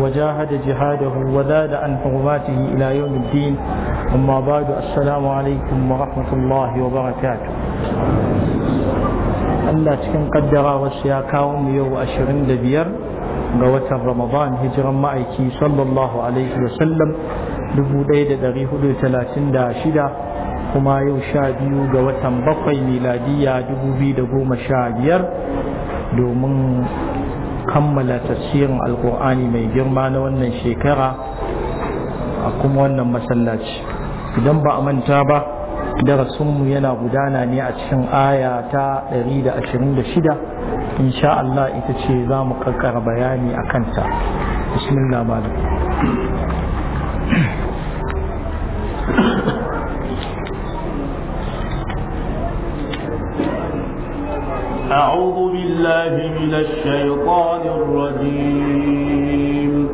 وجاهد جهاده وزاد عن حرماته إلى يوم الدين أما بعد السلام عليكم ورحمة الله وبركاته cikin kaddara wasu ya kawo mu yau ashirin da biyar ga watan Ramadan hijiran ma'aiki sallallahu alaihi wasallam dubu ɗaya da ɗari hudu talatin da shida kuma yau sha biyu ga watan bakwai miladiyya dubu biyu da goma sha biyar domin kammala tafsirin alkur'ani mai girma na wannan shekara a kuma wannan masallaci idan ba a manta ba darasinmu yana gudana ne a cikin aya ta 126 insha Allah ita ce za mu ƙarƙara bayani a kanta bismillah malam أعوذ بالله من الشيطان الرجيم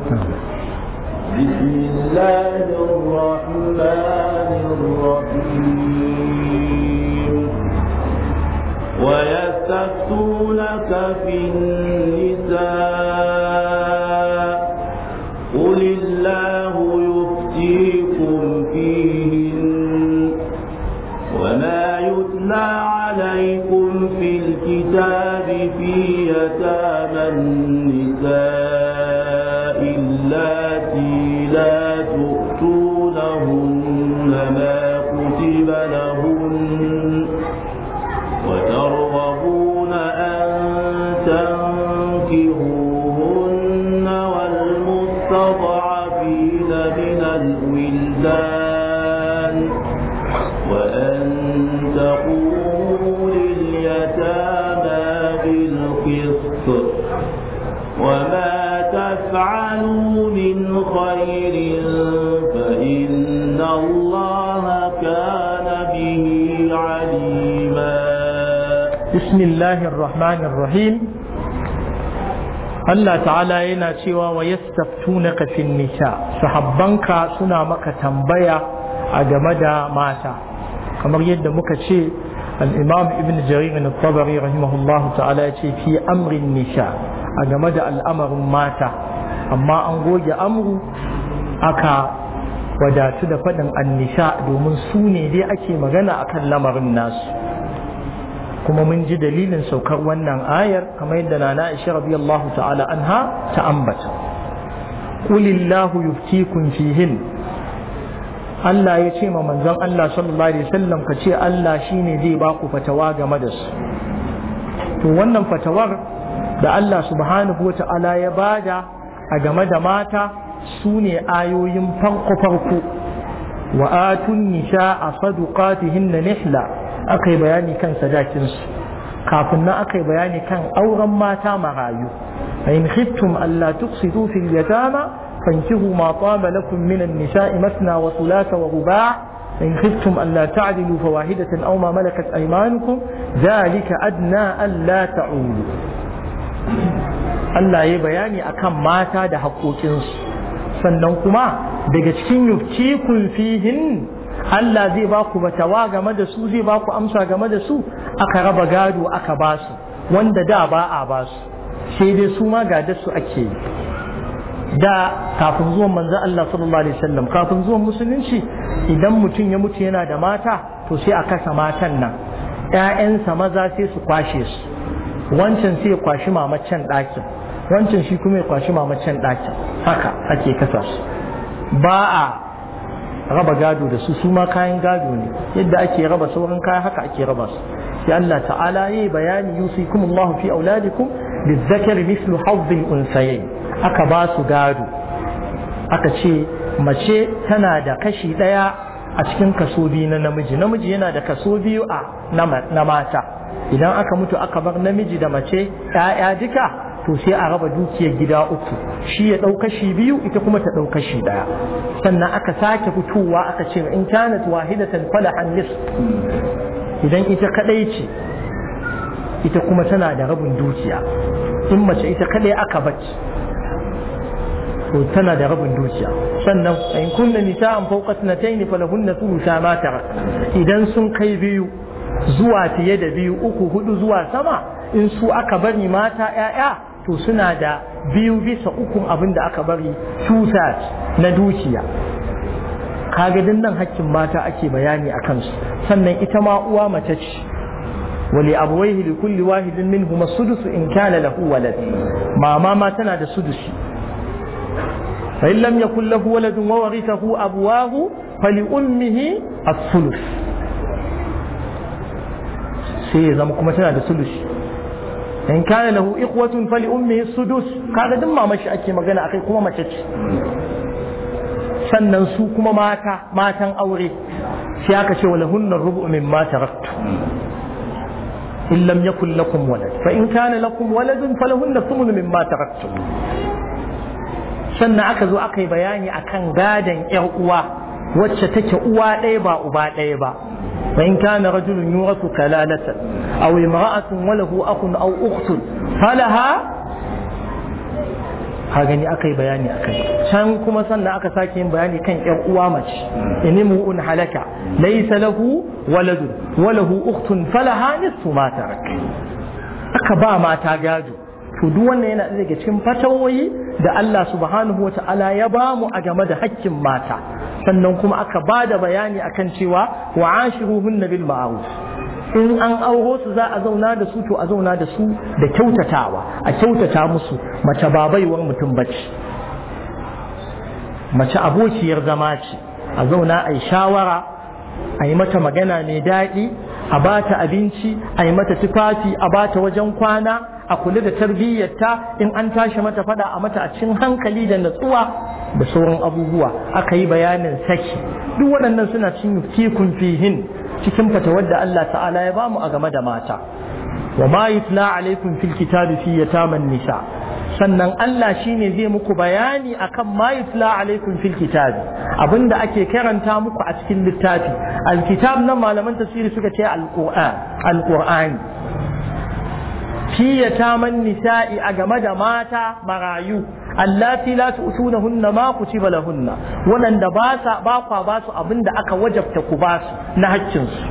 بسم الله الرحمن الرحيم ويستفتونك في النساء قل الله يفتيكم فيهن وما يتلى عليكم في الكتاب في يتامى النساء بسم الله الرحمن Allah ta'ala yana cewa wa yastaftunaka fin nisa sahabbanka suna maka tambaya a game da mata kamar yadda muka ce al-imam ibn jarir al-tabari rahimahullah ta'ala ya ce fi amrin nisha a game da al'amarin mata amma an goge amru aka wadatu da faɗin annisa domin su ne dai ake magana akan lamarin nasu kuma mun ji dalilin saukar wannan ayar kamar yadda nana Aisha radiyallahu ta'ala anha ta ambata qulillahu yuftikum fihin Allah ya ce ma manzon Allah sallallahu alaihi wasallam ka ce Allah shine zai ba ku fatawa game da su to wannan fatawar da Allah subhanahu wa ta'ala ya bada a game da mata su ne ayoyin farko farko wa atun nisa a saduqatihinna nihla aka yi bayani kan sadakinsu kafin nan aka yi bayani kan auren mata marayu in khiftum alla tuqsidu fil yatama fankihu ma taba lakum min an-nisa'i masna wa thulatha wa ruba' in khiftum alla ta'dilu fawahidatan aw ma malakat aymanukum dhalika adna alla ta'ulu Allah ya bayani akan mata da haƙoƙinsu sannan kuma daga cikin yuftikun fihin Allah zai ba ku batawa game da su zai ba ku amsa game da su aka raba gado aka ba su wanda da ba a ba su sai dai su ma ga su ake yi da kafin zuwan manzon Allah sallallahu alaihi wasallam kafin zuwan musulunci idan mutum ya mutu yana da mata to sai a kasa matan nan ‘ya'yansa maza sai su kwashe su wancan sai ya kwashi mamacen ɗakin wancan shi kuma ya kwashi mamacen ɗakin haka ake kasa su ba a raba gado da su su ma kayan gado ne yadda ake raba sauran kaya haka ake raba su sai Allah ta'ala yayi bayani kuma Allahu fi auladikum lizzakari mislu hazzin unsayayn aka ba su gado aka ce mace tana da kashi ɗaya a cikin kaso biyu na namiji namiji yana da kaso biyu a na mata idan aka mutu aka bar namiji da mace 'ya'ya duka to sai a raba dukiyar gida uku shi ya ɗau kashi biyu ita kuma ta ɗau kashi ɗaya sannan aka sake fitowa aka ce in kanat wahidatan fala an idan ita kadai ce ita kuma tana da rabin dukiya in mace ita kadai aka bace to tana da rabin dukiya sannan in kunna nisa'an fawqa thnatayn falahunna thulutha ma tarak idan sun kai biyu zuwa fiye da biyu uku hudu zuwa sama in su aka bari mata 'ya'ya to suna da biyu bisa ukun abin da aka bari tusa na dukiya kaga din nan hakkin mata ake bayani a kansu sannan ita ma uwa mace ce wali abuwaihi li kulli wahidin minhum sudusu in kana lahu walad mama ma tana da sudusi fa in lam yakul lahu waladun wa warithahu abwahu fali ummihi as-sulus sai ya zama kuma tana da sulusi in kana lahu ikhwatun fali ummihi sudus kaga duk mamashi ake magana akai kuma mace ce sannan su kuma mata matan aure sai aka ce wala hunna rubu min ma taraktu in lam yakul lakum walad fa in kana lakum waladun falahunna thumnu mimma taraktu sannan aka zo aka yi bayani akan gadan yar uwa wacce take uwa ɗaya ba uba ɗaya ba وإن كان رجل يورث كلالة أو امرأة وله أخ أو أخت فلها gani aka yi bayani a kai kuma sannan aka sake yin bayani kan yan uwa mace ini mu'un halaka laysa lahu waladun walahu ukhtun falaha nisfu ma tarak aka ba mata gado to duk wannan yana daga cikin fatawoyi da Allah subhanahu wa ta'ala ya bamu a game da haƙƙin mata sannan kuma aka ba da bayani a kan cewa wa na bil ma'ruf in an auro su za a zauna da su to a zauna da su da kyautatawa a kyautata musu mace ba baiwar mutum bace mace abokiyar zama ce a zauna a yi shawara a yi mata magana mai daɗi a bata abinci a yi mata tufafi a bata wajen kwana a kula da tarbiyyarta in an tashi mata fada a mata a cikin hankali da natsuwa da sauran abubuwa aka yi bayanin saki duk waɗannan suna cin fikun fihin cikin fatawar da Allah ta'ala ya bamu a game da mata wa ma yutla alaikum fil kitabi fi yataman nisa sannan Allah shine zai muku bayani akan ma yutla alaikum fil kitabi abinda ake karanta muku a cikin littafi alkitab nan malaman tafsiri suka ce al alqur'ani shi ya taman nisa'i a game da mata marayu allati la tu'tunahunna ma kutiba bala hunna. ba sa ba kwa ba su abinda aka wajabta ku basu. na haƙƙin su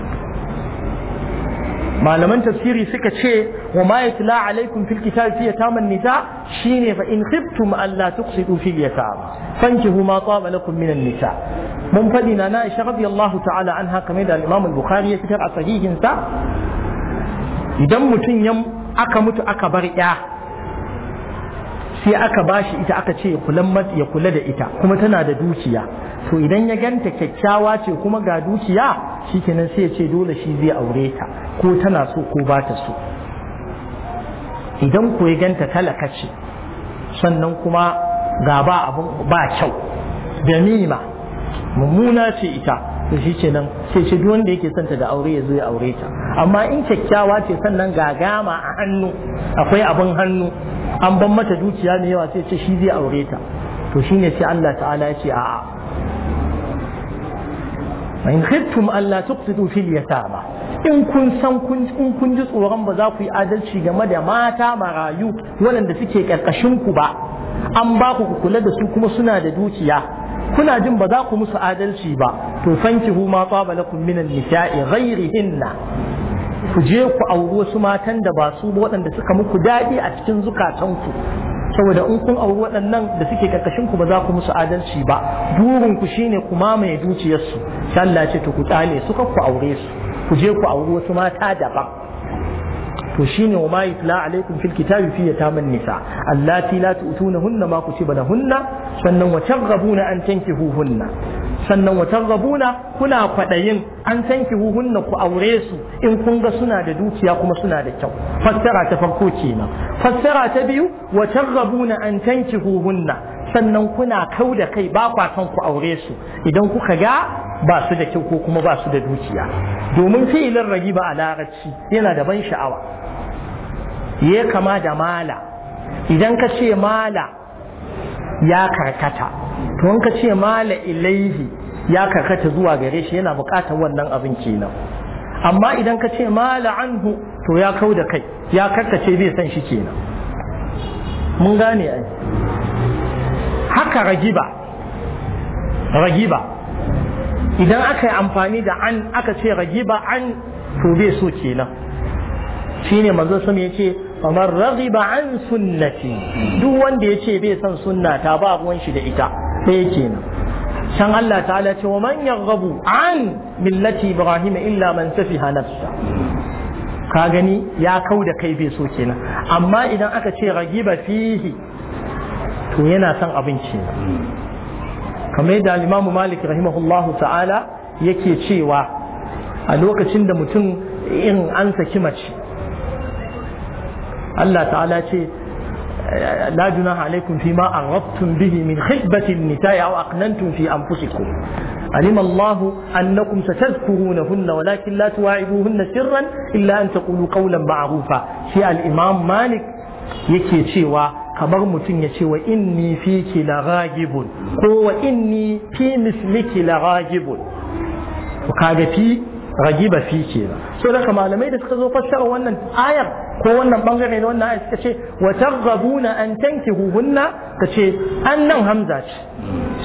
malaman tafsiri suka ce wa ma yatla alaikum fil kitabi fi shine ba in khiftum allah tuqsidu fil yatama fankihu ma taba lakum min nisa mun faɗi na na Aisha radiyallahu ta'ala an kamar da Imam al ya fitar a sahihin idan mutum ya aka mutu aka bar ya sai aka bashi ita aka ce ya kula da ita kuma tana da dukiya to idan ya ganta kyakkyawa ce kuma ga dukiya shikenan sai ya ce dole shi zai aure ta ko tana so ko ba ta so idan ko ya ganta talaka ce sannan kuma ga ba abin ba kyau da mummuna ce ita to shi kenan sai ce duk wanda yake santa da aure ya zo ya aure ta amma in kyakkyawa ce sannan ga gama a hannu akwai abin hannu an ban mata dukiya mai yawa sai ce shi zai aure ta to shi ne sai Allah ta'ala ya ce a'a in khiftum alla tuqsitu fil yatama in kun san kun in kun ji tsoron ba za ku yi adalci game da mata marayu waɗanda suke karkashin ku ba an ba ku kula da su kuma suna da dukiya kuna jin ba za ku musu adalci ba to fankihu ma tsaba lakum min nisai ghayrihinna ku je ku auri wasu matan da ba su ba waɗanda suka muku daɗi a cikin zukatanku saboda in kun auri waɗannan da suke karkashin ku ba za ku musu adalci ba burin ku shine ku mamaye dukiyarsu sai Allah ce to ku tsale suka ku aure su ku je ku auri wasu mata daban to shine wa ma yutla alaikum fil kitabi fi yataman nisa allati la hunna ma kutiba lahunna sannan wa targhabuna an tankihuhunna sannan wa targhabuna kuna kwadayin an tankihuhunna ku aure su in kun ga suna da dukiya kuma suna da kyau fassara ta farko kenan fassara ta biyu wa targhabuna an tankihuhunna sannan kuna kau da kai ba kwa son ku aure su idan kuka ga ba su da kyau ko kuma ba su da dukiya domin fi'ilin ragiba a larabci yana da ban sha'awa ya kama da mala idan ka ce mala ya karkata to in ka ce mala ilaihi ya karkata zuwa gare shi yana bukatar wannan abin kenan amma idan ka ce mala anhu to ya kau da kai ya karkace bai san shi kenan mun gane ai haka ragiba ragiba idan aka yi amfani da an aka ce ragiba an to bai so kenan shine manzo sama yace kamar ragiba an sunnati duk wanda yace bai son ta ba ruwan shi da ita sai kenan Shan Allah ta'ala ce wa manyan yaghabu an millati ibrahim illa man safiha nafsa ka gani ya kau da kai bai so kenan amma idan aka ce ragiba fihi to yana son abinci kamar yadda al-Imam Malik rahimahullahu ta'ala yake cewa a lokacin da mutum in an saki mace Allah ta'ala ce لا جناح عليكم فيما عرضتم به من خطبة النساء أو أقننتم في أنفسكم علم الله أنكم ستذكرونهن ولكن لا تواعدوهن سرا إلا أن تقولوا قولا معروفا في الإمام مالك يكي شيوا Ka bar mutum ya ce wa inni ki la ragibun ko wa inni fi misliki la ragibun kaga fi ragiba fi ke ba. so daga malamai da suka zo fassara wannan ayar ko wannan bangare na wannan ayar suka ce wa targhabuna an tankihuhunna ka ce an hamza ce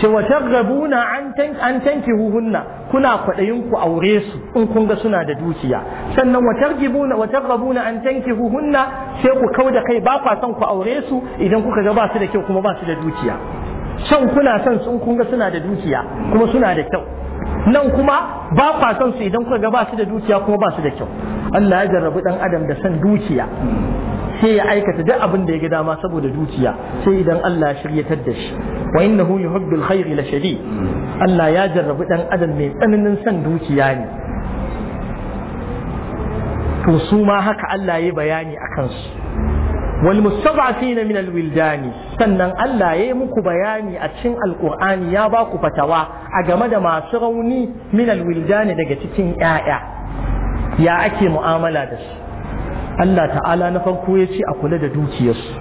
ce wa targhabuna an hunna kuna kwaɗayin ku aure su in kun ga suna da dukiya sannan wa targibuna wa targhabuna an tankihuhunna sai ku kauda kai ba kwa son ku aure su idan kuka ga ba su da kyau kuma ba su da dukiya can kuna son sun kun ga suna da dukiya kuma suna da kyau nan kuma ba kwa son su idan kuka ga ba su da dukiya kuma ba su da kyau Allah ya jarrabu dan adam da son dukiya sai ya aikata duk abin da ya ga dama saboda dukiya sai idan Allah ya shiryatar da shi wa innahu yuhibbul khairi la shadid Allah ya jarrabu dan adam mai tsananin son dukiya ne to su ma haka Allah ya yi bayani a kansu wal mustad'afina min ne sannan Allah ya yi muku bayani a cikin alqur'ani ya ba ku fatawa a game da masu rauni min ne daga cikin 'ya'ya? ya ake mu'amala da su Allah ta'ala na farko ya ce a kula da dukiyarsu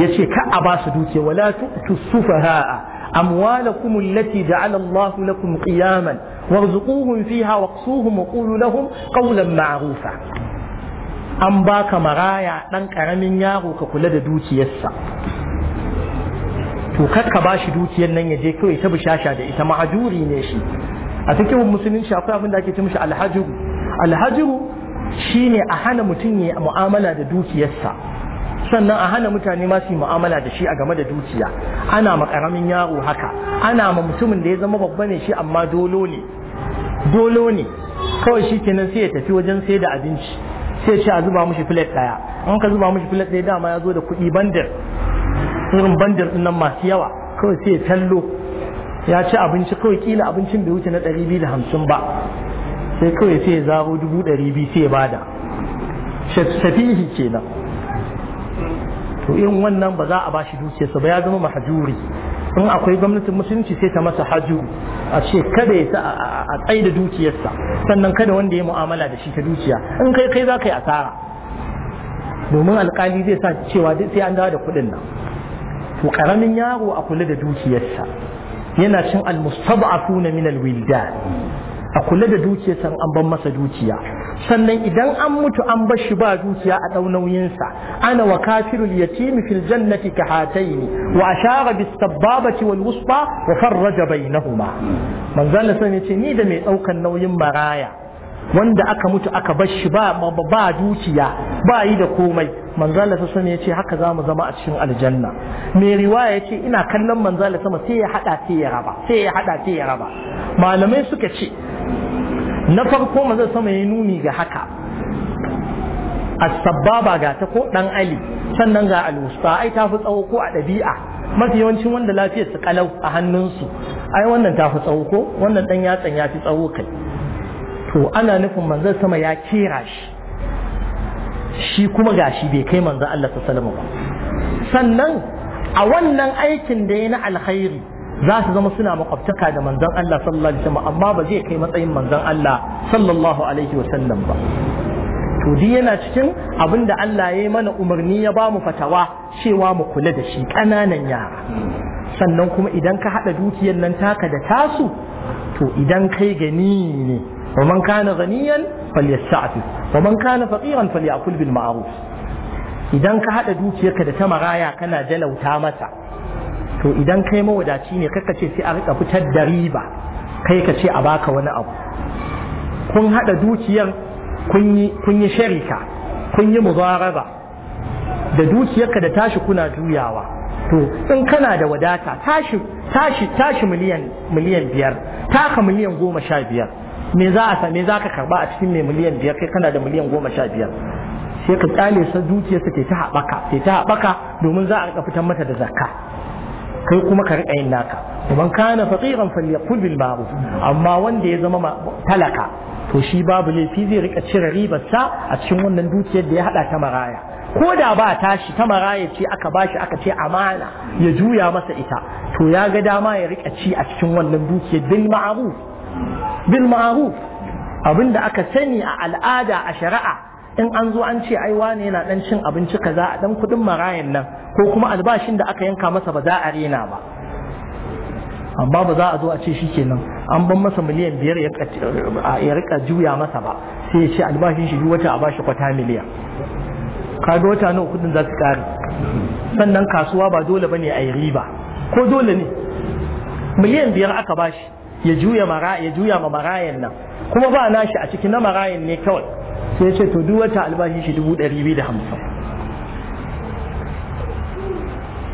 ya ce ka a ba su dukiya wala tu'tu sufaha'a amwalakum allati ja'ala Allahu lakum qiyaman warzuquhum fiha waqsuhum wa qulu lahum qawlan ma'rufa an baka maraya dan karamin yaro ka kula da dukiyarsa to ka bashi dukiyar nan ya je kawai ta bishasha da ita mahajuri ne shi a cikin musulunci akwai abin da ake ce mishi alhajiru alhajiru shine a hana mutum ya mu'amala da dukiyarsa sannan a hana mutane ma su mu'amala da shi a game da dukiya ana ma karamin yaro haka ana ma mutumin da ya zama babba ne shi amma dolo ne dolo ne kawai shi kenan sai ya tafi wajen sai da abinci sai ce a zuba mushi filet daya an ka zuba mushi filet daya dama ya zo da kuɗi bandar irin bandar din nan masu yawa kawai sai ya tallo ya ci abinci kawai kila abincin bai wuce na ɗari biyu da hamsin ba sai kawai sai ya zaro dubu ɗari biyu sai ya bada shafihi kenan to in wannan ba za a bashi dukiyarsa ba ya zama mahajuri in akwai gwamnatin musulunci sai ta masa haju a ce kada ya a tsai da dukiyarsa sannan kada wanda ya mu'amala da shi ta dukiya in kai kai za ka yi asara domin alkali zai sa cewa sai an dawo da kuɗin nan to karamin yaro a kula da dukiyarsa yana cin almustab'afuna min alwildan a kula da dukiyarsa an ban masa dukiya sannan idan an mutu an bar shi ba dukiya a ɗau nauyinsa ana wa kafirul yatimi fil jannati ka hataini wa ashara bis sabbabati wal wusba wa farraja bainahuma manzon Allah sai ce ni da mai ɗaukan nauyin maraya wanda aka mutu aka bar shi ba ba dukiya ba yi da komai manzon Allah sai ya ce haka za mu zama a cikin aljanna mai riwaya yace ina kallon manzon Allah sama sai ya hada sai ya raba sai ya hada sai ya raba malamai suka ce na farko manzo sama ya nuni ga haka as-sababa ga ta ko dan ali sannan ga al-wusta ai ta fi tsawo ko a ɗabi'a, mafi yawancin wanda lafiyar su kalau a hannunsu ai wannan ta fi tsawo ko wannan dan yatsan ya fi tsawo kai to ana nufin manzo sama ya kera shi shi kuma gashi bai kai manzo Allah ta salama ba sannan a wannan aikin da ya na alkhairi za su zama suna makwabtaka da manzon Allah sallallahu alaihi wasallam amma ba zai kai matsayin manzon Allah sallallahu alaihi wasallam ba to duk yana cikin abin da Allah ya yi mana umarni ya ba mu fatawa cewa mu kula da shi ƙananan yara sannan kuma idan ka haɗa dukiyar nan taka da tasu to idan kai gani ne wa man kana ganiyan falyasta'fi wa man kana faqiran falyakul bil ma'ruf idan ka haɗa dukiyarka da ta maraya kana jalauta mata to idan kai mawadaci ne kaka ce sai a rika fitar da riba kai ka ce a baka wani abu kun hada dukiyar kun yi sharika kun yi muzaraba da dukiyarka da tashi kuna juyawa to in kana da wadata tashi tashi tashi miliyan biyar taka miliyan goma sha biyar me za a me za ka karba a cikin mai miliyan biyar kai kana da miliyan goma sha biyar sai ka kyale sa dukiyarsa ta ta haɓaka ta haɓaka domin za a rika fitar mata da zakka kai kuma ka riƙa yin naka man kana fatiran falyakul bil ma'ruf amma wanda ya zama talaka to shi babu laifi zai riƙa cire ribarsa a cikin wannan dukiyar da ya hada ta maraya ko da ba tashi ta maraya ce aka shi aka ce amana ya juya masa ita to ya ga dama ya riƙa ci a cikin wannan dukiyar bil ma'ruf bil ma'ruf abinda aka sani a al'ada a shari'a in an zo an ce ai ne yana dan cin abinci kaza a dan kudin marayan nan ko kuma albashin da aka yanka masa ba za a rena ba amma ba za a zo a ce shi kenan an ban masa miliyan biyar ya rika juya masa ba sai ya ce albashin shi wata a bashi kwata miliyan ga wata nawa kudin za su kare sannan kasuwa ba dole bane a yi riba ko dole ne miliyan biyar aka bashi ya juya mara ya juya ma marayan nan kuma ba nashi a cikin na marayan ne kawai sai ya ce to duk wata albashin shi dubu ɗari biyu da hamsin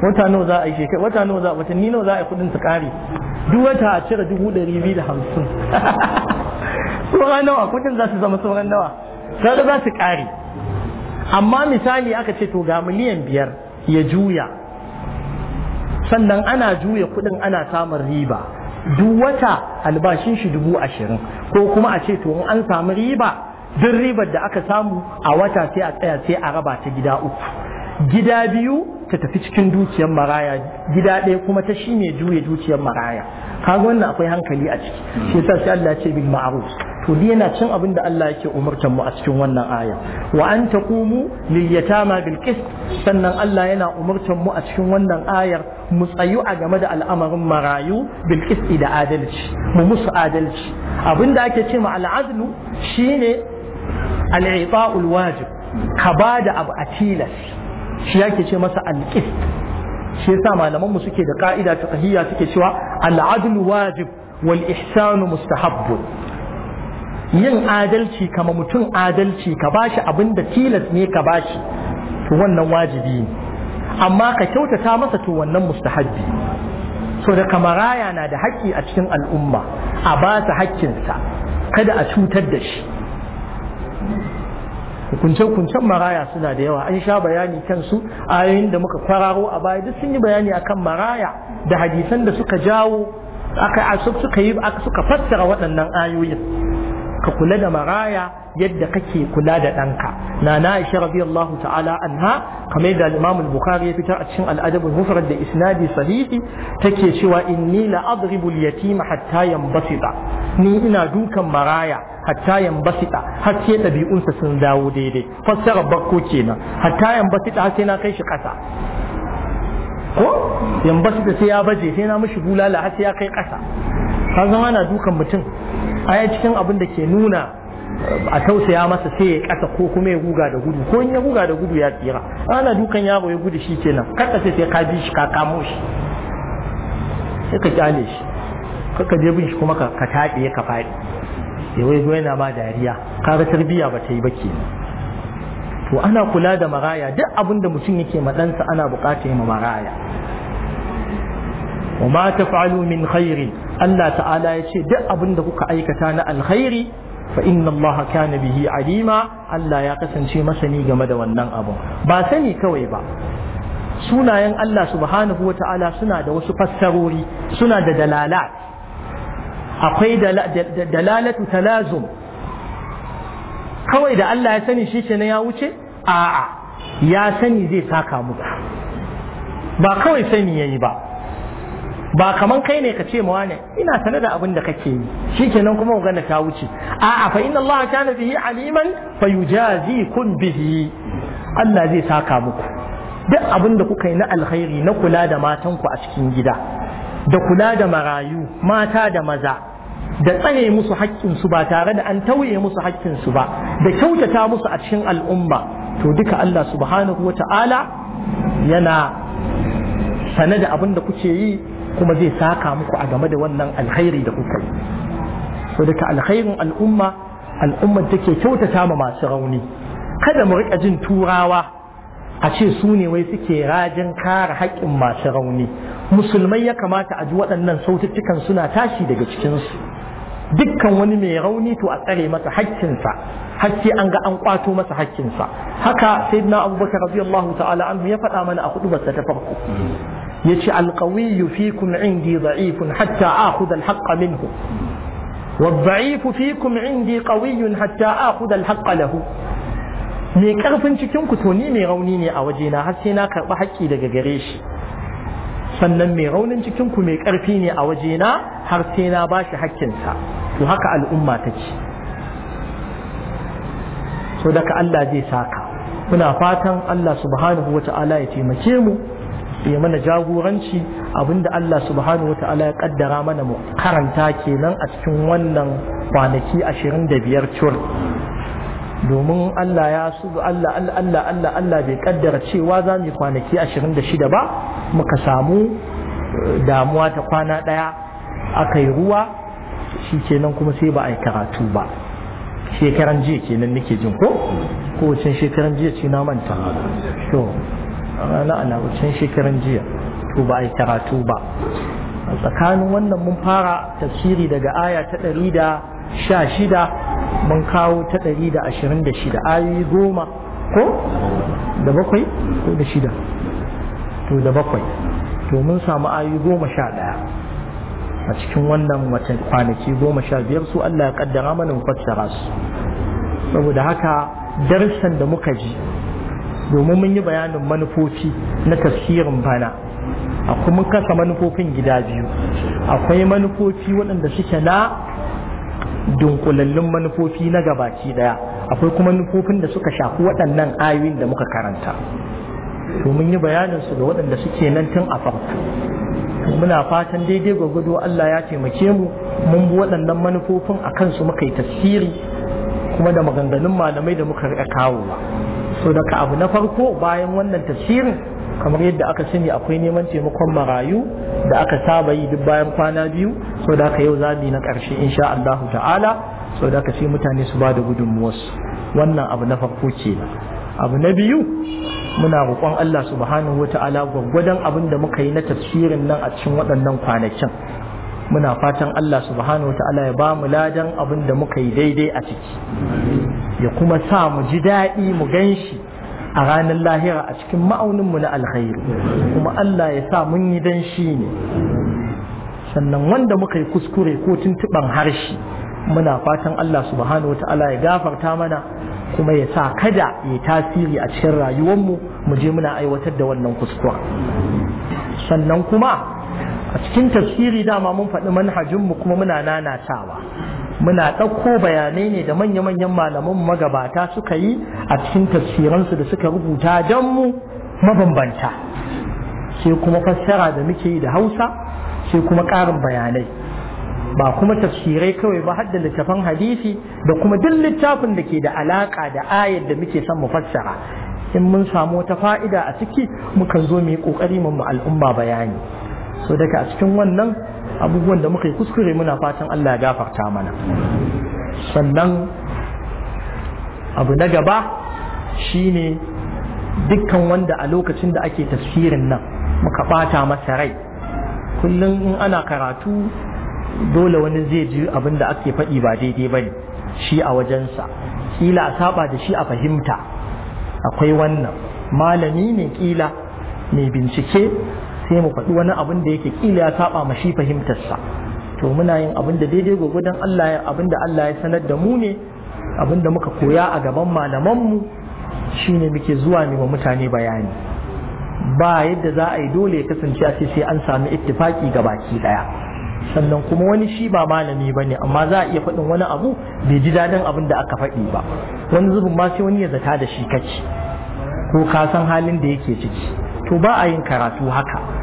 wata nawa za a yi shekara wata nawa za a wata nawa za a yi kudin su kare duk wata a cire dubu ɗari biyu da hamsin sauran nawa kudin za su zama sauran nawa sauran za su kare amma misali aka ce to ga miliyan biyar ya juya sannan ana juya kudin ana samun riba duk wata albashin shi dubu ashirin ko kuma a ce to in an samu riba duk ribar da aka samu a wata sai a tsaya sai a raba ta gida uku gida biyu ta tafi cikin dukiyar maraya gida ɗaya kuma ta shi ne juya dukiyar maraya kaga wannan akwai hankali a ciki shi yasa sai Allah ce bil ma'ruf to dai yana cin abin da Allah yake umurtan mu a cikin wannan aya wa an taqumu lil yatama bil qist sannan Allah yana umurtan mu a cikin wannan ayar mu tsayu a game da al'amarin marayu bil da adalci mu musu adalci abin da ake ce ma al'azlu shine al'ita'ul wajib ka bada abu a tilas shi yake ce masa alqist shi yasa malaman mu suke da ka'ida ta tahiyya suke cewa al wajib wal ihsanu mustahabbun yin adalci kama mutum adalci ka bashi abin da tilas ne ka bashi to wannan wajibi ne amma ka kyautata masa to wannan mustahabbi so da kamaraya na da haƙƙi a cikin al'umma a ba su haƙƙinsa kada a cutar da shi hukunce-hukuncen maraya suna da yawa an sha bayani su ayoyin da muka kwararo a baya duk sun yi bayani akan maraya da hadisan da suka jawo aka suka yi suka fassara waɗannan ayoyin ka kula da maraya yadda kake kula da ɗanka na na rabi Allah ta'ala anha kamar da al bukari bukhari ya fitar a cikin al'adar adab da isnadi sahihi take cewa inni la adribu yatima hatta yanbasita ni ina dukan maraya hatta basita har sai ɗabi'unsa sun dawo daidai fassarar bakko kenan hatta yambasita har sai na kai shi ƙasa ko basita sai ya baje sai na mishi bulala har sai ya kai ƙasa ka zama na dukan mutum aya cikin abin da ke nuna eh, a tausaya masa sai ya ƙasa ko kuma ya guga da gudu ko in ya guga da gudu ya tsira ana dukan yaro ya gudu shi kenan kada sai sai ka bi shi ka kamo shi sai ka kyale shi ka je bin shi kuma ka taɗe ka faɗi ya wai zo yana ma dariya Kara tarbiyya ba ta yi ba ke to ana kula da maraya duk abin da mutum yake maɗansa ana buƙatar ma maraya wa ma taf'alu min khairi Allah ta'ala ya ce duk abin da kuka aikata na alkhairi fa inna Allah kana bihi alima Allah ya kasance masani game da wannan abu ba sani kawai ba sunayen Allah subhanahu wa ta'ala suna da wasu fassarori suna da dalala akwai dalalatu talazum kawai da Allah ya sani shi kenan ya wuce a'a ya sani zai saka muku ba kawai sani yayi ba ba kaman kai ne ka ce ma ne? ina sanar da abin da kake yi kenan kuma magana ta wuce a'a fa inna Allah kana bihi aliman kun bihi Allah zai saka muku duk abin da kuka yi na alkhairi na kula da matanku a cikin gida da kula da marayu mata da maza da tsaye musu haƙƙinsu ba tare da an tauye musu haƙƙinsu ba da kyautata musu a cikin al'umma to duka Allah subhanahu wa ta'ala yana sane da abin da kuke yi kuma zai saka muku a game da wannan alkhairi da kuka yi To duka alkhairin al'umma al'ummar take kyautata ma masu rauni kada mu riƙa jin turawa a ce su ne wai suke rajin kare haƙƙin masu rauni musulmai ya kamata a ji waɗannan saututtukan suna tashi daga cikinsu dukkan wani mai rauni to a tsare masa haƙƙinsa hakki an ga an ƙwato masa haƙƙinsa haka sai na abubakar radiyallahu ta'ala anhu ya faɗa mana a hudubarsa ta farko yace alqawiyyu kun indi da'ifun hatta akhudha alhaqqa minhu kun فيكم عندي hatta حتى آخذ الحق lahu. mai karfin cikin ku to ni mai rauni ne a waje na har sai na karɓi haƙƙi daga gare shi sannan mai raunin cikin ku mai karfi ne a waje na har sai na ba shi haƙƙinsa to haka al'umma ta ce so daga Allah zai saka muna fatan Allah subhanahu wa ta'ala ya taimake mu ya mana jagoranci abinda Allah subhanahu wa ta'ala ya kaddara mana mu karanta kenan a cikin wannan kwanaki 25 cur domin Allah ya su Allah Allah Allah Allah bai kaddara cewa za mu kwanaki 26 ba muka samu eh, damuwa ta kwana daya aka yi ruwa shi kenan kuma sai ba a yi karatu ba shekaran jiya kenan nake jin ko kowacin shekaran jiya ce na manta to rana ana wacin shekaran jiya to ba a yi karatu ba a tsakanin wannan mun fara tafsiri daga aya ta ɗari da sha shida mun kawo ta ɗari da ashirin ayoyi goma ko da bakwai ko da shida to da bakwai to mun samu ayoyi goma sha ɗaya a cikin wannan wata kwanaki goma sha biyar su Allah ya kaddara mana mu fassara su saboda haka darsan da muka ji domin mun yi bayanin manufofi na tafsirin bana akwai mun kasa manufofin gida biyu akwai manufofi waɗanda suke na dunkulallun manufofi na gabaci daya akwai kuma nufofin da suka shafi waɗannan ayoyin da muka karanta to mun yi bayanin su ga waɗanda suke nan tun a farko muna fatan daidai gwagwado Allah ya taimake mu mun bi waɗannan manufofin a kansu muka yi tafsiri kuma da maganganun malamai da muka kawo ba so daga abu na farko bayan wannan tasirin. kamar yadda aka sani akwai neman taimakon marayu da aka saba yi duk bayan kwana biyu so da aka yau zabi na karshe insha Allah ta'ala so da aka sai mutane su ba da gudunmuwarsu wannan abu na farko kenan abu na biyu muna roƙon Allah subhanahu wata'ala gwaggwadon abin da muka yi na tafsirin nan a cikin waɗannan kwanakin muna fatan Allah subhanahu wata'ala ya ba mu ladan abin da muka yi daidai a ciki ya kuma sa mu ji daɗi mu gan shi a ranar lahira a cikin ma'auninmu na alkhairi kuma Allah ya sa mun yi dan shi ne sannan wanda muka yi kuskure ko tuntuɓan harshe muna fatan Allah subhanahu wata'ala ya gafarta mana kuma ya sa kada ya tasiri a cikin rayuwarmu mu je muna aiwatar da wannan kuskura sannan kuma a cikin tafsiri dama mun faɗi manhajinmu kuma muna nanatawa muna ɗauko bayanai ne da manya-manyan malaman magabata suka yi a cikin tafsiransu da suka rubuta don mu mabambanta sai kuma fassara da muke yi da hausa sai kuma ƙarin bayanai ba kuma tafsirai kawai ba har da littafan hadisi da kuma duk littafin da ke da alaƙa da ayar da muke son mu fassara in mun samu wata fa'ida a ciki mukan zo mu yi ƙoƙari mu al'umma bayani so daga a cikin wannan abubuwan da muka yi kuskure muna fatan Allah ya gafarta mana sannan abu na gaba shine dukkan wanda a lokacin da ake tafsirin nan muka bata masa rai kullum in ana karatu dole wani zai ji abin da ake faɗi ba daidai ba ne shi a wajensa kila a saba da shi a fahimta akwai wannan malami ne kila mai bincike sai mu faɗi wani abin da yake kila ya saba ma shi fahimtarsa to muna yin abin da daidai gwagwadon Allah ya abin da Allah ya sanar da mu ne abin da muka koya a gaban malaman mu shine muke zuwa ne wa mutane bayani ba yadda za a yi dole ya kasance a sai an sami ittifaki ga baki daya sannan kuma wani shi ba malami ba ne amma za a iya faɗin wani abu bai ji daɗin abin da aka faɗi ba wani zubin ma sai wani ya zata da shi kaci ko ka san halin da yake ciki to ba a yin karatu haka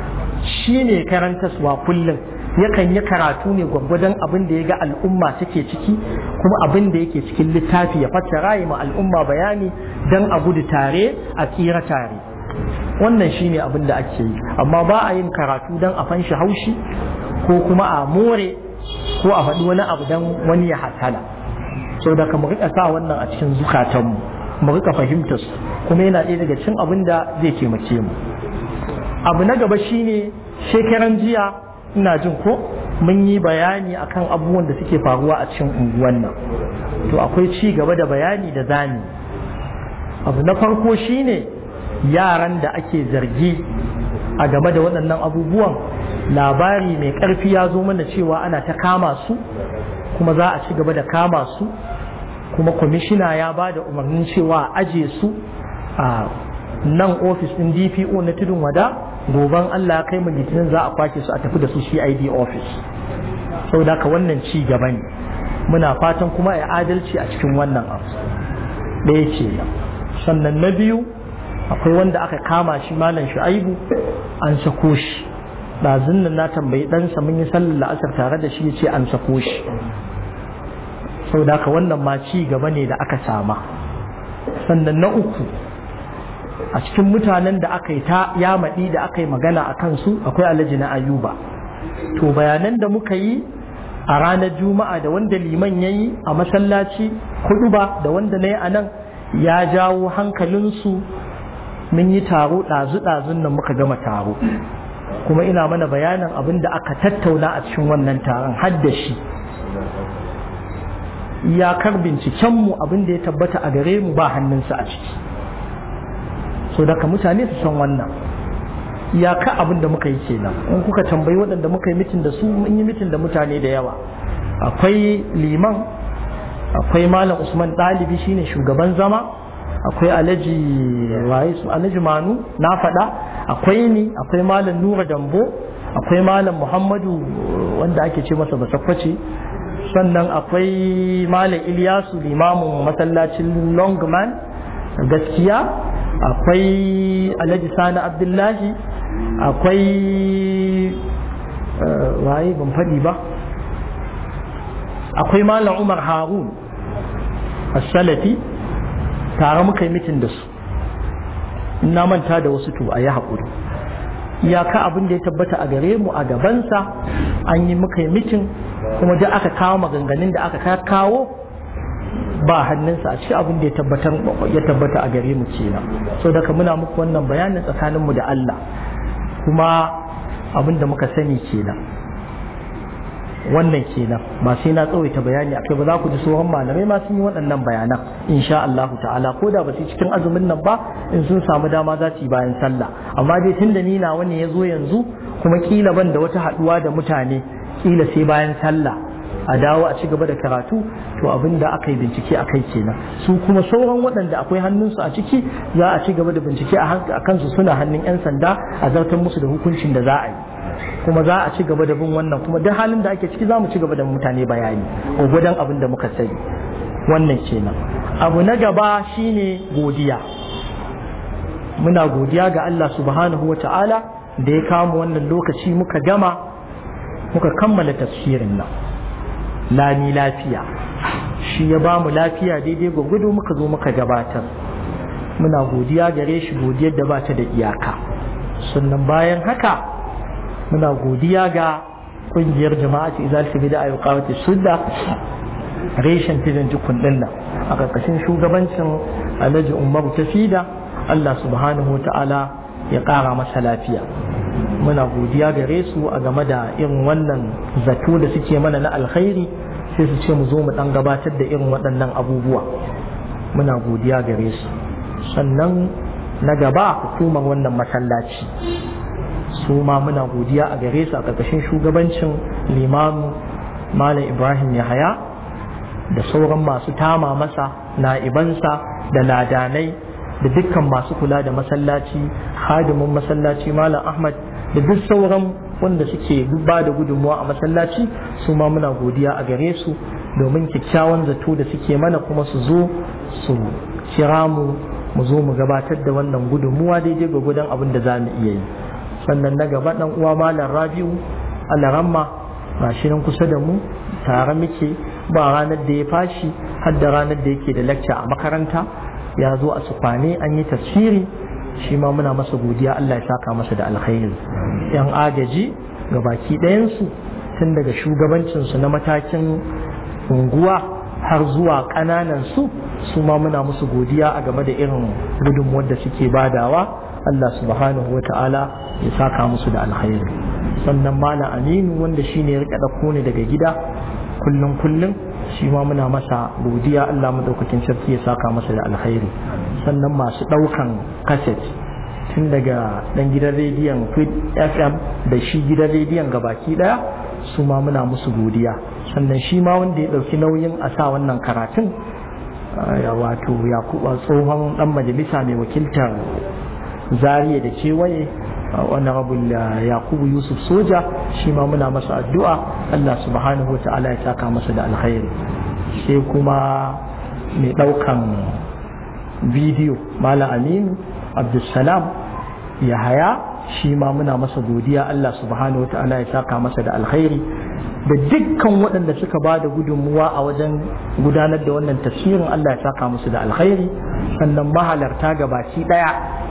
shi ne karantaswa kullum yakan yi karatu ne gwangwajen abin da ya ga al'umma take ciki kuma abin da yake cikin littafi ya fata rayu ma al'umma bayani don a gudu tare a tsira tare wannan shi ne abin da ake yi amma ba a yin karatu don a fanshi haushi ko kuma a more ko a faɗi wani abu don wani ya hasala sau da mu riƙa sa wannan a cikin zukatanmu mu riƙa fahimtar su kuma yana ɗaya daga cin abin da zai taimake mu abu na gaba shine shekaran jiya ina jin ko mun yi bayani akan abubuwan da suke faruwa a cikin unguwan nan to akwai ci gaba da bayani da zani abu na farko shine yaran da ake zargi a game da waɗannan abubuwan labari mai ƙarfi ya zo mana cewa ana ta kama su kuma za a ci gaba da kama su kuma kwamishina ya ba da umarnin cewa aje su a nan ofis ɗin dpo na tudun wada goban Allah kai mu litinin za a kwace su a tafi da su CID office saboda ka wannan ci gaba ne muna fatan kuma a adalci a cikin wannan abu ɗaya ce sannan na biyu akwai wanda aka kama shi malam shu'aibu an sako shi ɗazun nan na tambayi ɗansa mun yi sallar la'asar tare da shi ya ce an sako shi saboda ka wannan ma ci gaba ne da aka sama sannan na uku a cikin mutanen da aka yi ta yamaɗi da aka yi magana a kansu akwai alaji na ayuba to bayanan da muka yi a ranar juma'a da wanda liman ya yi a masallaci hudu ba da wanda na yi a nan ya jawo hankalinsu mun yi taro ɗazu-ɗazun nan muka gama taro kuma ina mana bayanin abin da aka tattauna a cikin wannan taron haddashi iyakar bincikenmu abin da ya tabbata a gare mu ba hannunsa a ciki so daga mutane su san wannan ya ka abin da muka yi kenan in kuka tambayi waɗanda muka yi mitin da su mun yi mitin da mutane da yawa akwai liman akwai malam usman ɗalibi shine shugaban zama akwai alhaji raisu alhaji manu na faɗa akwai ni akwai malam nura dambo akwai malam muhammadu wanda ake ce masa basakwace sannan akwai malam iliyasu limamin masallacin longman gaskiya akwai alhaji sani abdullahi akwai eh, waye ban faɗi ba akwai malam umar harun as-salafi tare muka yi mitin da su ina manta da wasu to a yi haƙuri iyaka abin da ya tabbata a gare mu a gabansa an yi muka yi mitin kuma da aka kawo maganganun da aka kawo ba hannunsa a cikin abin da ya tabbatar ya tabbata a gare mu kenan so daga muna muku wannan bayanin tsakanin mu da Allah kuma abin da muka sani kenan wannan kenan ba sai na tsawaita bayani akai ba za ku ji tsohon malamai ma sun yi waɗannan bayanan insha Allah ta'ala ko da ba su cikin azumin nan ba in sun samu dama za su yi bayan sallah amma dai tunda ni na wani ya zo yanzu kuma kila ban da wata haɗuwa da mutane kila sai bayan sallah a dawo a ci gaba da karatu to abin da aka yi bincike a kai kenan su kuma sauran waɗanda akwai hannunsu a ciki za a ci gaba da bincike a kansu suna hannun 'yan sanda a zartar musu da hukuncin da za a yi kuma za a ci gaba da bin wannan kuma duk halin da ake ciki za mu ci gaba da mutane bayani gwagwadon abin da muka sani wannan kenan abu na gaba shine godiya muna godiya ga Allah subhanahu wa ta'ala da ya kama wannan lokaci muka gama muka kammala tafsirin nan lami lafiya shi ya ba mu lafiya daidai gwagwado muka zo muka gabatar muna godiya gare shi godiyar da ba ta da iyaka sannan bayan haka muna godiya ga kungiyar jama'a ce za su bida a yau kawata sudda reshen tijin jikun ɗin nan a ƙarƙashin shugabancin alhaji umaru tafida allah subhanahu wa ta'ala ya ƙara masa lafiya muna godiya gare su a game da irin wannan zato da suke mana na alkhairi sai su ce mu zo mu dan gabatar da irin waɗannan abubuwa muna godiya gare su sannan na gaba hukumar wannan masallaci su ma muna godiya a gare su a ƙarƙashin shugabancin limamu malam ibrahim yahaya da sauran masu tama masa na'ibansa da ladanai da dukkan masu kula da masallaci hadimin masallaci malam ahmad da duk sauran wanda suke ba da gudunmuwa a masallaci su ma muna godiya a gare su domin kyakkyawan zato da suke mana kuma su zo su kira mu mu zo mu gabatar da wannan gudunmuwa daidai ga gudan abin da za mu iya yi sannan na gaba ɗan uwa malam rabiu alaramma ba shi nan kusa da mu tare muke ba ranar da ya fashi har ranar da yake da lacca a makaranta ya zo a sukwane an yi tasiri shi ma muna masa godiya Allah ya saka masa da alkhairi yan agaji ga baki ɗayansu tun daga shugabancinsu na matakin unguwa har zuwa ƙananan su su ma muna musu godiya a game da irin gudunmuwar da suke badawa Allah subhanahu wa ta'ala ya saka musu da alkhairi sannan malam aminu wanda shine ya rika ɗauko ni daga gida kullum kullum shi ma muna masa godiya Allah madaukakin sarki ya saka masa da alkhairi sannan masu daukan kaset tun daga dan gidan rediyon Quid FM da shi gidan rediyon gabaki daya su ma muna musu godiya sannan shi ma wanda ya dauki nauyin a sa wannan karatun ah, wato ya tsohon dan majalisa mai wakiltar zariya da kewaye wani rabin yakubu yusuf soja shi ma muna masa addu'a allah subhanahu wa ta'ala ya taka masa da alkhairi sai kuma mai ɗaukan bidiyo malam aminu abdulsalam ya haya shi ma muna masa godiya allah subhanahu wa ta'ala ya taka masa da alkhairi da dukkan waɗanda suka ba da gudunmuwa a wajen gudanar da wannan tafsirin Allah ya saka musu da alkhairi sannan mahalarta gabaki ɗaya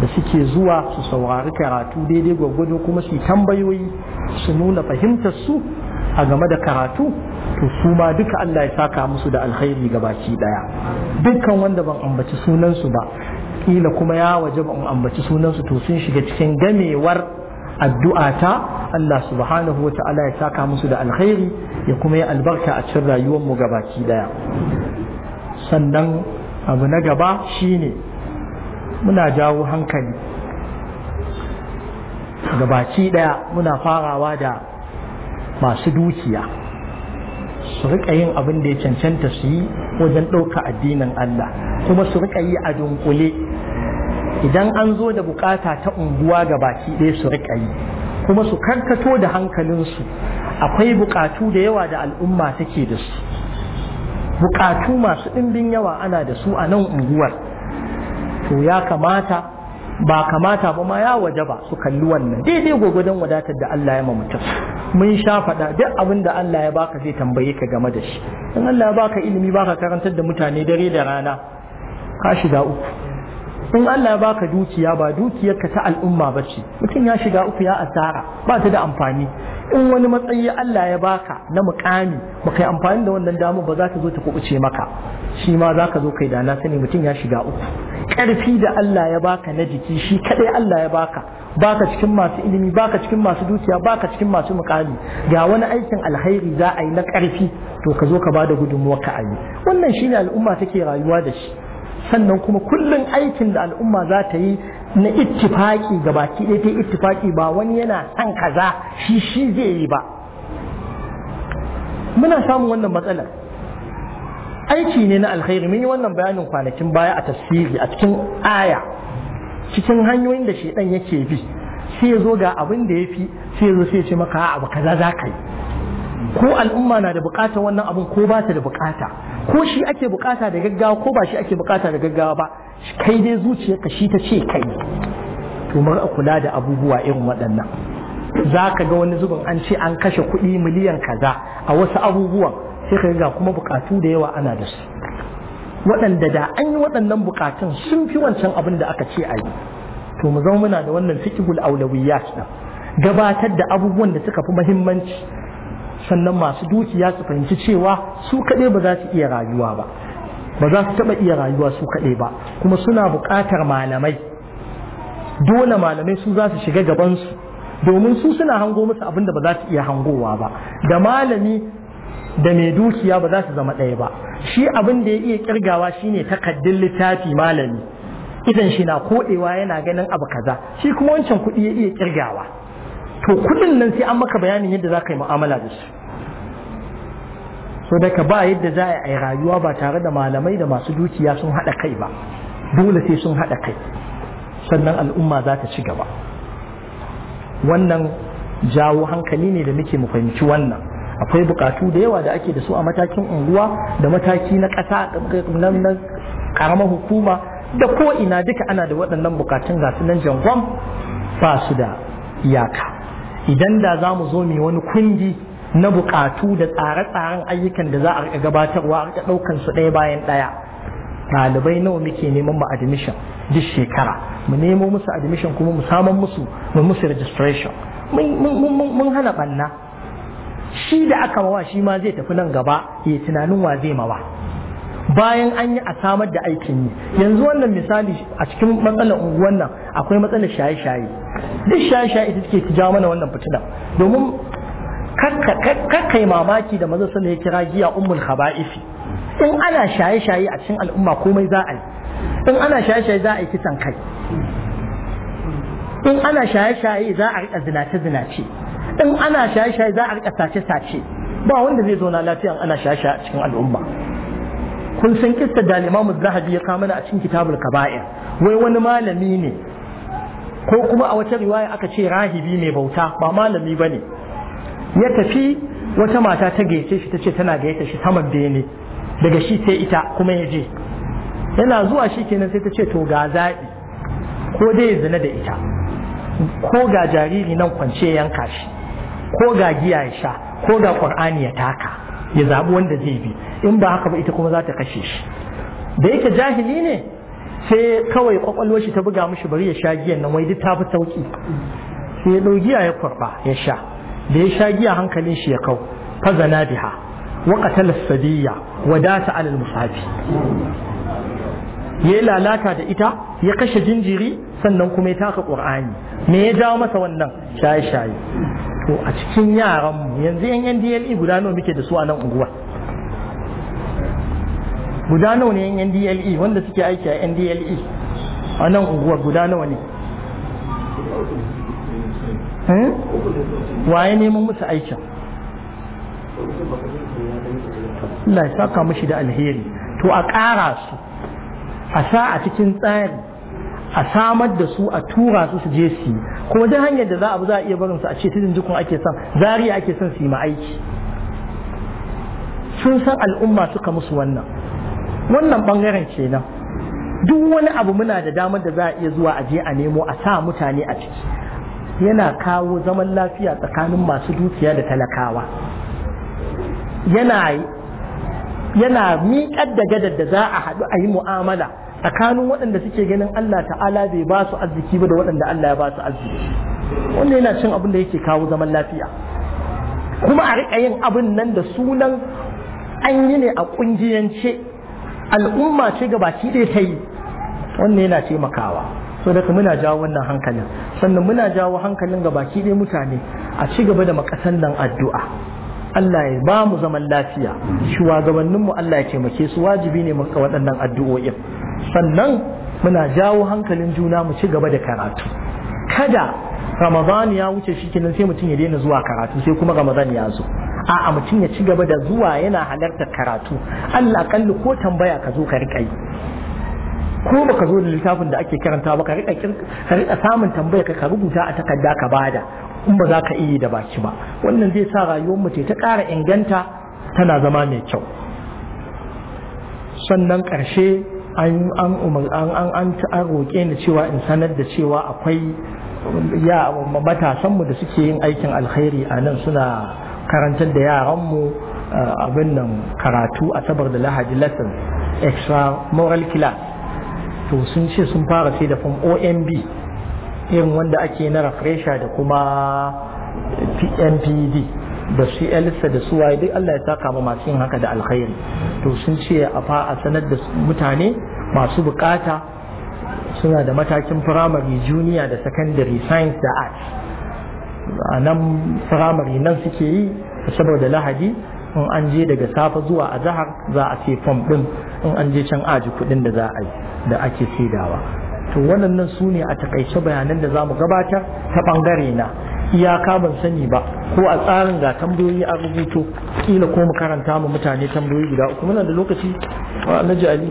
da suke zuwa su saurari karatu daidai gwaggwado kuma su tambayoyi su nuna fahimtar su a game da karatu to su ma duka Allah ya saka musu da alkhairi baki daya dukkan wanda ban ambaci sunansu ba kila kuma ya waje ban ambaci sunansu to sun shiga cikin gamewar addu'a ta Allah subhanahu wa ta'ala ya saka musu da alkhairi ya kuma ya albarka a cikin rayuwar mu baki daya sannan abu na gaba shine muna jawo hankali ga baki daya muna farawa da masu dukiya su rika yin abin da ya cancanta su yi wajen ɗauka addinin Allah kuma su rika yi a dunkule idan an zo da bukata ta unguwa ga baki ɗaya su rika yi kuma su karkato da hankalinsu akwai bukatu da yawa da al'umma take da su bukatu masu ɗimbin yawa ana da su a nan unguwar to ya kamata ba kamata ba ma ya waje ba su kalli wannan daidai gwagwadon wadatar da Allah ya ma mutum mun sha faɗa duk abin da Allah ya baka zai tambaye ka game da shi in Allah ya baka ilimi baka karantar da mutane dare da rana ka shiga uku in Allah ya baka dukiya ba dukiyarka ta al'umma ba ce mutum ya shiga uku ya asara ba ta da amfani in wani matsayi Allah ya baka na mukami ba kai amfani da wannan damu ba za ta zo ta kubuce maka shi ma za ka zo kai da na sani mutum ya shiga uku Karfi da Allah ya baka na jiki shi kadai Allah ya baka baka cikin masu ilimi baka cikin masu dukiya baka cikin masu mukami ga wani aikin alheri za a yi na karfi to ka zo ka bada gudunmuwa ka ayi wannan shine al'umma take rayuwa da shi sannan kuma kullum aikin da al'umma za ta yi na ittifaki ga baki ɗaya ta ittifaki ba wani yana san kaza shi shi zai yi ba muna samun wannan matsalar aiki ne na alkhairi mun yi wannan bayanin kwanakin baya a tafsiri a cikin aya cikin hanyoyin da shedan yake bi sai ya zo ga abin da ya fi sai ya zo sai ya ce maka abu kaza za ka yi ko al'umma na da bukatar wannan abin ko ba ta da bukata ko shi ake bukata da gaggawa ko ba shi ake bukata da gaggawa ba kai dai ka shi ta ce kai to a kula da abubuwa irin waɗannan za ka ga wani zubin an ce an kashe kuɗi miliyan kaza a wasu abubuwan sai ka ga kuma bukatu da yawa ana da su waɗanda da an yi waɗannan bukatun sun fi wancan abin da aka ce a yi to mu zama muna da wannan fiqhul aulawiyyat din gabatar da abubuwan da suka fi muhimmanci sannan masu dukiya su fahimci cewa su kaɗai ba za su iya rayuwa ba ba za su taɓa iya rayuwa su kaɗai ba kuma suna buƙatar malamai dole malamai su za su shiga gabansu domin su suna hango musu abin da ba za su iya hangowa ba da malami da mai dukiya ba za su zama ɗaya ba shi abin da ya iya kirgawa shine takaddun littafi malami idan shi na koɗewa yana ganin abu kaza shi kuma wancan kuɗi ya iya kirgawa to kudin nan sai an maka bayanin yadda za ka yi mu'amala da su so daga ba yadda za a yi rayuwa ba tare da malamai da masu dukiya sun haɗa kai ba dole sai sun haɗa kai sannan al'umma za ta ci gaba wannan jawo hankali ne da muke mu fahimci wannan akwai bukatu da yawa da ake da su a matakin unguwa da mataki na ƙasa na karamar hukuma da ko ina duka ana da waɗannan bukatun gasu nan jangon? ba su da iyaka idan da za mu zo mai wani kundi na bukatu da tsare-tsaren ayyukan da za a rika gabatarwa a rika ɗaukan su ɗaya bayan ɗaya ɗalibai nawa muke neman mu admission duk shekara mu nemo musu admission kuma mu saman musu mu musu registration mun hana banna shi da aka mawa shi ma zai tafi nan gaba ya tunanin wa zai mawa bayan an yi a samar da aikin yi yanzu wannan misali a cikin matsalar unguwan nan akwai matsalar shaye-shaye duk shaye-shaye ita take jawo mana wannan fitina domin kakkai mamaki da maza sun ya kira giya ummul khaba'isi in ana shaye-shaye a cikin al'umma komai za a yi in ana shaye-shaye za a yi kisan kai in ana shaye-shaye za a rika zinace-zinace in ana shaye-shaye za a rika sace-sace ba wanda zai zauna lafiya ana shaye-shaye a cikin al'umma kun san kista da Imam Zahabi ya kawo mana a cikin Kitabul Kaba'ir wai wani malami ne ko kuma a wata riwaya aka ce rahibi ne bauta ba malami bane ya tafi wata mata ta gaice shi tace tana gaita shi saman bene daga shi sai ita kuma ya je yana zuwa shi kenan sai ta ce to ga zaɓi ko dai zina da ita ko ga jariri nan kwance yanka shi ko ga giya ya sha ko ga ƙur'ani ya taka ya zaɓi wanda zai bi in ba haka ba ita kuma za ta kashe shi da yake jahili ne sai kawai kwakwalwar shi ta buga mishi bari ya sha giyan nan wai duk ta fi sauki sai ya ɗau giya ya kurɓa ya sha da ya sha giya hankalin shi ya kau fazana biha wa qatala sadiyya wa data alal musafi ya lalata da ita ya kashe jinjiri sannan kuma ya taka qur'ani me ya jawo masa wannan shaye shaye to a cikin yaran mu yanzu yan yan DLE guda nawa muke da su a nan unguwa guda nawa ne yan yan DLE wanda suke aiki a yan DLE a nan unguwar guda nawa ne hmm? waye neman musu aikin Allah ya saka mushi da alheri to a ƙara su a sa a cikin tsari a samar da su a tura su su je su kuma duk hanyar da za a za a iya barin su a ce tudun jikun ake son zariya ake son su yi ma aiki sun san al'umma suka musu wannan wannan bangaren kenan duk wani abu muna da damar da za a iya zuwa a je a nemo a sa mutane a ciki yana kawo zaman lafiya tsakanin masu dukiya da talakawa yana miƙar da gadar da za a haɗu a yi mu'amala tsakanin waɗanda suke ganin Allah ta'ala bai ba su arziki ba da waɗanda Allah ya ba su arziki wanda yana cin abin da yake kawo zaman lafiya kuma a riƙa yin abin nan da sunan an yi ne a ƙungiyance al'umma ce ga baki ɗaya ta yi wanda yana taimakawa so daga muna jawo wannan hankalin sannan muna jawo hankalin ga baki ɗaya mutane a ci gaba da makasan nan addu'a Allah ya ba mu zaman lafiya shugabanninmu Allah ya taimake su wajibi ne mu waɗannan addu'o'in sannan muna jawo hankalin juna mu ci gaba da karatu kada ramadan ya wuce shi kenan sai mutum ya daina zuwa karatu sai kuma ramadan ya zo a'a mutum ya ci gaba da zuwa yana halartar karatu Allah kalli ko tambaya ka zo ka riƙa yi ko baka zo da littafin da ake karanta ba ka riƙa ka riƙa samun tambaya ka rubuta a takarda ka bada in ba za ka iya da baki ba wannan zai sa rayuwar mu ta ƙara inganta tana zama mai kyau sannan ƙarshe an an an roƙe ni cewa in sanar da cewa akwai ya matasanmu da suke yin aikin alkhairi a nan suna karantar da yaranmu abin nan karatu a sabar da lahadi lesson extra moral class to sun ce sun fara sai da form omb irin wanda ake na refresher da kuma mpd da su yalista da su waye duk Allah ya saka ma masu yin haka da alkhairi to sun ce a fa a sanar da mutane masu bukata suna da matakin firamare junior da secondary science da arts. a nan firamare nan suke yi saboda lahadi in an je daga safe zuwa a jihar za a ce fom din in an je can aji kudin da za a yi da ake saidawa to waɗannan su ne a takaice bayanan da za mu gabatar ta ɓangare na iyaka ban sani ba ko a tsarin ga tambayoyi a rubuto kila ko mu karanta mu mutane tambayoyi guda uku muna da lokaci wa alhaji ali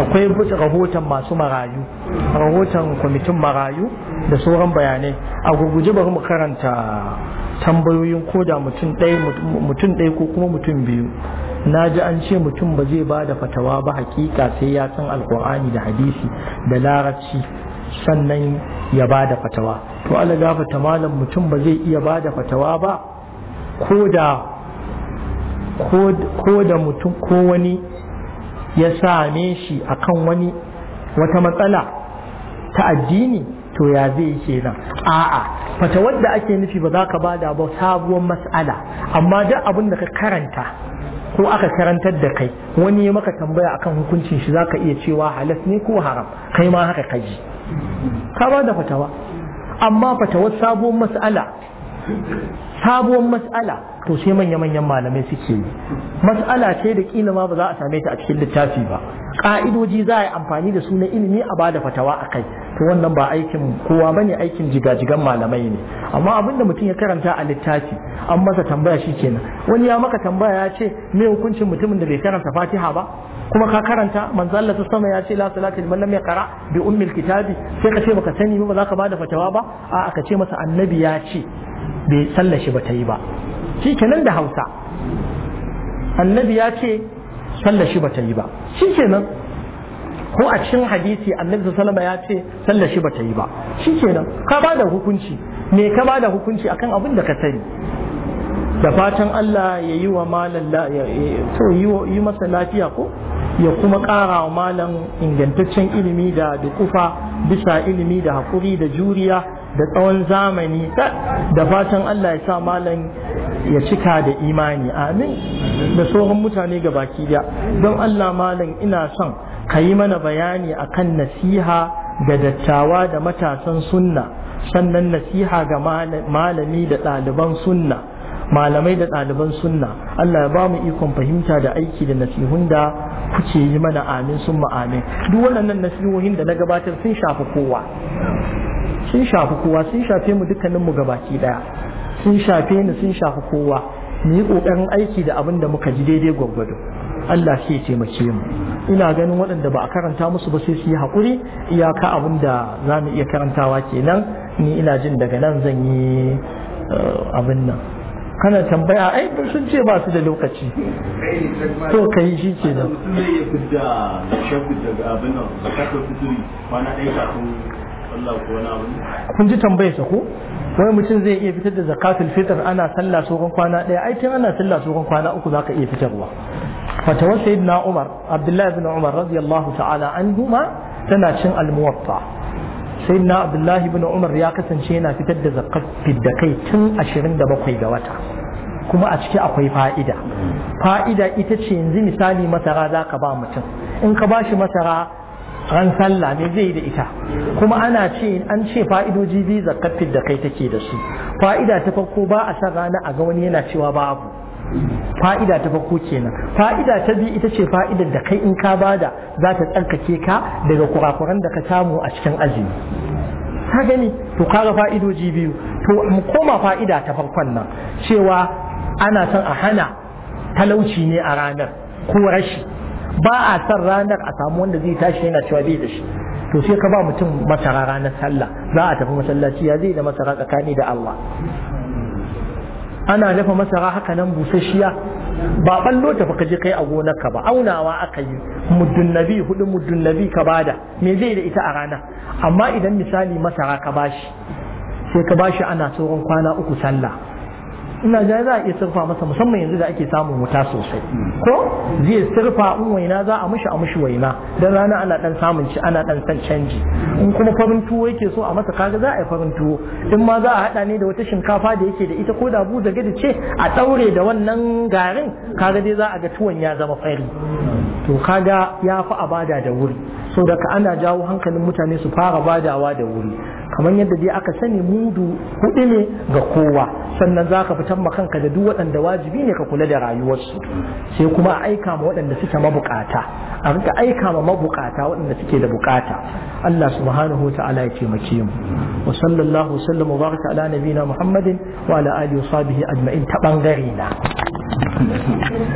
akwai rahoton masu marayu rahoton kwamitin marayu da sauran bayanai a gurguje bari mu karanta tambayoyin ko da mutum ɗaya ko kuma mutum biyu na ji an ce mutum ba zai ba da fatawa ba hakika sai ya san alkur'ani da hadisi da larabci sannan ya ba da fatawa to ala gafata malam mutum ba zai iya ba da fatawa ba ko da mutum ko wani ya same shi akan wani wata matsala ta addini to ya zai yi kenan a'a fatawar da ake nufi ba za ka bada da sabuwar mas'ala amma duk abin da ka karanta ko aka karantar da kai wani ya maka tambaya akan hukuncin shi zaka iya cewa halas ne ko haram kai ma haka kaji ka ba da fatawa amma fatawar sabuwar mas'ala sabuwar mas'ala to sai manya-manyan malamai suke yi mas'ala ce da kila ma ba za a same ta a cikin littafi ba ka'idoji za a yi amfani da su na ilimi a bada fatawa a kai to wannan ba aikin kowa bane aikin jigajigan malamai ne amma abin da mutum ya karanta a littafi an masa tambaya shi kenan wani ya maka tambaya ya ce me hukuncin mutumin da bai karanta fatiha ba kuma ka karanta manzo Allah sama ya ce la salata liman lam yaqra bi ummil kitabi sai ka ce baka sani ba za ka bada fatawa ba a aka ce masa annabi ya ce bai sallashi ba ta yi ba shi kenan da Hausa annabi ya ce sallar shi bata yi ba shi kenan ko a cikin hadisi annabi sallama ya ce sallar shi bata yi ba shi kenan ka ba da hukunci me ka ba da hukunci akan abin da ka sani da fatan Allah ya yi wa malam to yi masa lafiya ko ya kuma ƙara wa malam ingantaccen ilimi da dukufa bisa ilimi da haƙuri da juriya da tsawon zamani da fatan Allah ya sa malam ya cika da imani amin da sauran mutane ga baki da don Allah malam ina son ka yi mana bayani akan nasiha ga dattawa da matasan sunna sannan nasiha ga malami da ɗaliban sunna malamai da ɗaliban sunna Allah ya ba mu ikon fahimta da aiki da nasihun da kuke yi mana amin sun amin duk waɗannan nasihohin da na gabatar sun shafi kowa sun shafi kowa sun shafe mu dukkaninmu gabaki daya sun shafe ni sun shafi kowa mu yi ƙoƙarin aiki da abin da muka ji daidai gwaggwado Allah sai ya taimake mu ina ganin waɗanda ba a karanta musu ba sai su yi haƙuri iyaka abin da za mu iya karantawa kenan ni ina jin daga nan zan yi eh, abin nan kana tambaya ai sun ce ba su da lokaci to ka shi ke nan kun ji tambayarsa ko wani mutum zai iya fitar da zakatul fitr ana sallah tsohon kwana ɗaya ai tun ana sallah tsohon kwana uku zaka iya fitarwa fatawar sayyidina umar abdullahi ibn umar radiyallahu ta'ala anhuma tana cin almuwatta sayyidina abdullahi ibn umar ya kasance yana fitar da zakatul da kai tun 27 ga wata kuma a ciki akwai fa'ida fa'ida ita ce yanzu misali masara zaka ba mutum in ka bashi masara ran sallah ne zai da ita kuma ana ce an ce fa'idoji biyu zakafin da kai take da su fa'ida ta farko ba a san rana a ga wani yana cewa babu fa'ida ta farko kenan fa'ida ta biyu ita ce fa'idar da kai in ka bada za ta tsarkake ka daga kurakuran da ka samu a cikin azumi ka gani to kaga fa'idoji biyu to mu koma fa'ida ta farkon nan cewa ana son a hana talauci ne a ranar ko rashi ba a san ranar a samu wanda zai tashi yana cewa bai da shi to sai ka ba mutum masara ranar sallah za a tafi masallaci ya zai da masara tsakani da Allah ana dafa masara haka nan busasshiya ba ballo ta fa kaje kai a gonar ka ba aunawa aka yi muddun nabi hudu muddun nabi ka bada me zai da ita a rana amma idan misali masara ka bashi sai ka bashi ana sauran kwana uku sallah ina ja za a iya surfa masa musamman yanzu da ake samun wuta sosai ko zai surfa in waina za a mishi a mishi waina dan rana ana dan samun ci ana dan san canji in kuma farin tuwo yake so a masa kaga za a yi farin tuwo in ma za a hada ne da wata shinkafa da yake da ita ko da buza da ce a daure da wannan garin kaga dai za a ga tuwon ya zama fari to kaga ya fi abada da wuri so daga ana jawo hankalin mutane su fara badawa da wuri kamar yadda dai aka sani mudu hudu ne ga kowa sannan za ka fitar kanka da duk waɗanda wajibi ne ka kula da rayuwarsu sai kuma a aika ma waɗanda suke mabukata a rika aika ma mabukata waɗanda suke da bukata Allah subhanahu wa ta'ala ya taimake mu wa sallallahu sallam wa baraka ala nabiyina muhammadin wa ala alihi wa sahbihi ajma'in ta bangare na